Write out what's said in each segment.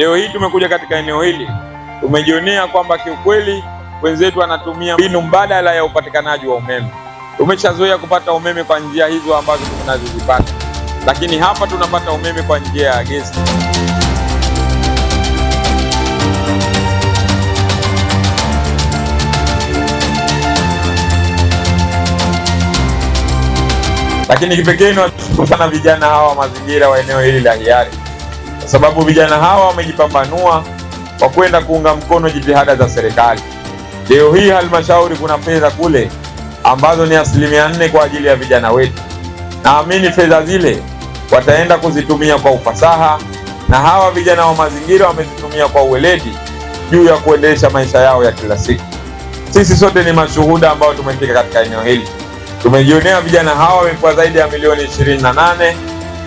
Leo hii tumekuja katika eneo hili, tumejionea kwamba kiukweli wenzetu wanatumia mbinu mbadala ya upatikanaji wa umeme. Tumeshazoea kupata umeme kwa njia hizo ambazo tunazozipata, lakini hapa tunapata umeme kwa njia ya gesi. Lakini kipekee niwashukuru sana vijana hawa mazingira wa eneo hili la Hiari kwa sababu vijana hawa wamejipambanua kwa kwenda kuunga mkono jitihada za serikali. Leo hii halmashauri kuna fedha kule ambazo ni asilimia nne kwa ajili ya vijana wetu. Naamini fedha zile wataenda kuzitumia kwa ufasaha, na hawa vijana wa mazingira wamezitumia kwa uweledi juu ya kuendesha maisha yao ya kila siku. Sisi sote ni mashuhuda ambao tumefika katika eneo hili, tumejionea vijana hawa wamekuwa zaidi ya milioni 28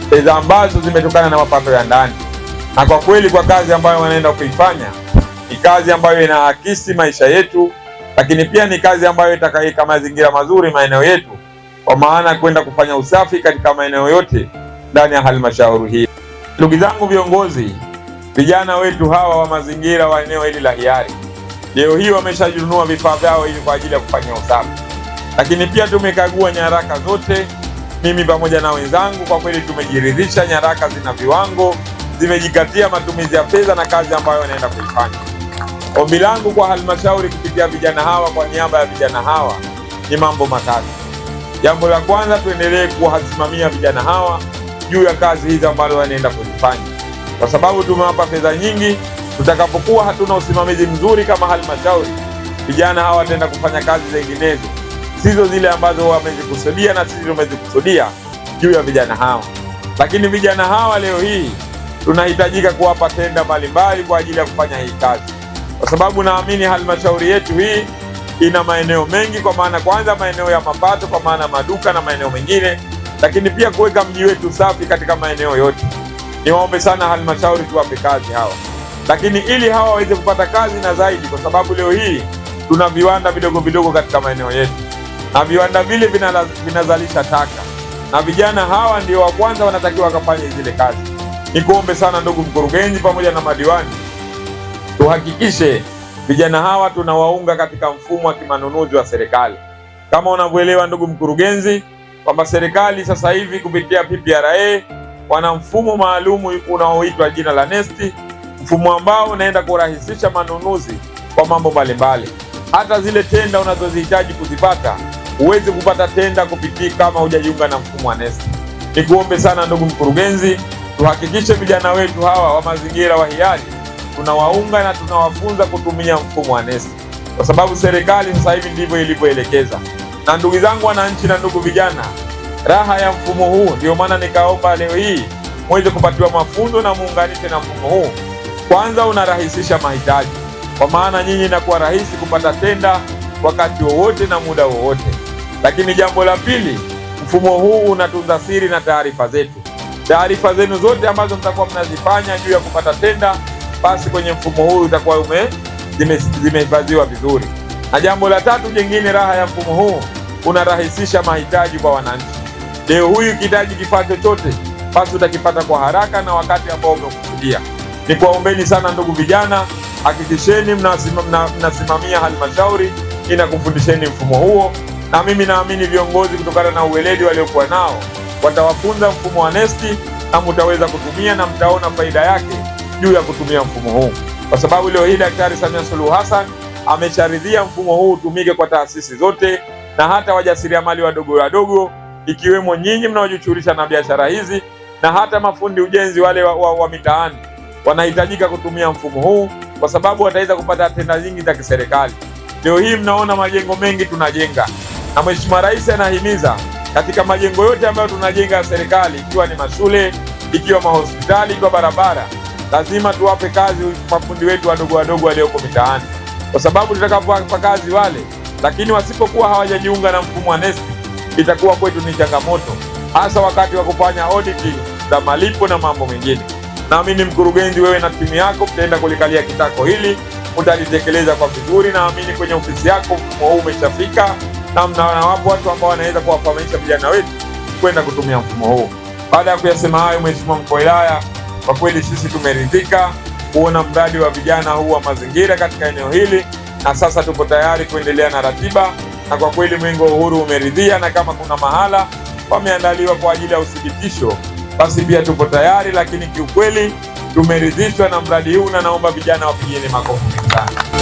fedha ambazo zimetokana na mapato ya ndani na kwa kweli, kwa kazi ambayo wanaenda kuifanya ni kazi ambayo inaakisi maisha yetu, lakini pia ni kazi ambayo itakaweka mazingira mazuri maeneo yetu, kwa maana kwenda kufanya usafi katika maeneo yote ndani ya halmashauri hii. Ndugu zangu viongozi, vijana wetu hawa wa mazingira wa eneo hili la Hiari leo hii wameshanunua vifaa vyao hivi kwa ajili ya kufanyia usafi, lakini pia tumekagua nyaraka zote, mimi pamoja na wenzangu. Kwa kweli tumejiridhisha nyaraka zina viwango zimejikatia matumizi ya fedha na kazi ambayo wanaenda kuifanya. Ombi langu kwa halmashauri kupitia vijana hawa, kwa niaba ya vijana hawa, ni mambo matatu. Jambo la kwanza, tuendelee kuwasimamia vijana hawa juu ya kazi hizi ambazo wanaenda kuzifanya, kwa sababu tumewapa fedha nyingi. Tutakapokuwa hatuna usimamizi mzuri kama halmashauri, vijana hawa wataenda kufanya kazi zinginezo sizo zile ambazo wamezikusudia na sisi tumezikusudia juu ya vijana hawa. Lakini vijana hawa leo hii tunahitajika kuwapa tenda mbalimbali kwa ajili ya kufanya hii kazi, kwa sababu naamini halmashauri yetu hii ina maeneo mengi, kwa maana kwanza maeneo ya mapato, kwa maana maduka na maeneo mengine, lakini pia kuweka mji wetu safi katika maeneo yote. Niwaombe sana halmashauri tuwape kazi hawa, lakini ili hawa waweze kupata kazi na zaidi, kwa sababu leo hii tuna viwanda vidogo vidogo katika maeneo yetu, na viwanda vile vinazalisha taka, na vijana hawa ndio wa kwanza wanatakiwa wakafanye zile kazi. Nikuombe sana ndugu mkurugenzi pamoja na madiwani, tuhakikishe vijana hawa tunawaunga katika mfumo wa kimanunuzi wa serikali. Kama unavyoelewa ndugu mkurugenzi, kwamba serikali sasa hivi kupitia PPRA wana mfumo maalumu unaoitwa jina la Nesti, mfumo ambao unaenda kurahisisha manunuzi kwa mambo mbalimbali. Hata zile tenda unazozihitaji kuzipata, huwezi kupata tenda kupitia kama hujajiunga na mfumo wa Nesti. Nikuombe sana ndugu mkurugenzi Tuhakikishe vijana wetu hawa wa mazingira wa hiari tunawaunga na tunawafunza kutumia mfumo wa NEST kwa sababu serikali sasa hivi ndivyo ilivyoelekeza. Na ndugu zangu wananchi na ndugu vijana, raha ya mfumo huu, ndiyo maana nikaomba leo hii mweze kupatiwa mafunzo na muunganishe na mfumo huu. Kwanza unarahisisha mahitaji, kwa maana nyinyi inakuwa rahisi kupata tenda wakati wowote na muda wowote. Lakini jambo la pili, mfumo huu unatunza siri na taarifa zetu taarifa zenu zote ambazo mtakuwa mnazifanya juu ya kupata tenda, basi kwenye mfumo huu utakuwa ume zimehifadhiwa vizuri. Na jambo la tatu jingine, raha ya mfumo huu unarahisisha mahitaji kwa wananchi. Leo huyu ukihitaji kifaa chochote, basi utakipata kwa haraka na wakati ambao umekusudia. Ni kuwaombeni sana ndugu vijana, hakikisheni mnasimamia mna, mna halmashauri inakufundisheni mfumo huo, na mimi naamini viongozi kutokana na uweledi waliokuwa nao watawafunza mfumo wa nesti na mutaweza kutumia na mtaona faida yake juu ya kutumia mfumo huu, kwa sababu leo hii Daktari Samia Suluhu Hassan amesharidhia mfumo huu utumike kwa taasisi zote na hata wajasiriamali wadogo wadogo ikiwemo nyinyi mnaojishughulisha na biashara hizi na hata mafundi ujenzi wale wa, wa, wa mitaani wanahitajika kutumia mfumo huu, kwa sababu wataweza kupata tenda nyingi za kiserikali. Leo hii mnaona majengo mengi tunajenga, na Mheshimiwa Rais anahimiza katika majengo yote ambayo tunajenga ya serikali, ikiwa ni mashule, ikiwa mahospitali, ikiwa barabara, lazima tuwape kazi mafundi wetu wadogo wadogo walioko mitaani, kwa sababu tutakapowapa kazi wale, lakini wasipokuwa hawajajiunga na mfumo wa NeST, itakuwa kwetu ni changamoto, hasa wakati wa kufanya auditi za malipo na mambo mengine. Naamini mkurugenzi, wewe na timu yako mtaenda kulikalia kitako hili, utalitekeleza kwa vizuri. Naamini kwenye ofisi yako mfumo huu umeshafika namna wapo watu ambao wanaweza kuwafahamisha vijana wetu kwenda kutumia mfumo huu. Baada ya kuyasema hayo, Mheshimiwa Mkuu wa Wilaya, kwa kweli sisi tumeridhika kuona mradi wa vijana huu wa mazingira katika eneo hili, na sasa tupo tayari kuendelea na ratiba, na kwa kweli Mwenge wa Uhuru umeridhia, na kama kuna mahala wameandaliwa kwa ajili ya uthibitisho, basi pia tupo tayari, lakini kiukweli tumeridhishwa na mradi huu, na naomba vijana wapigieni makofi sana.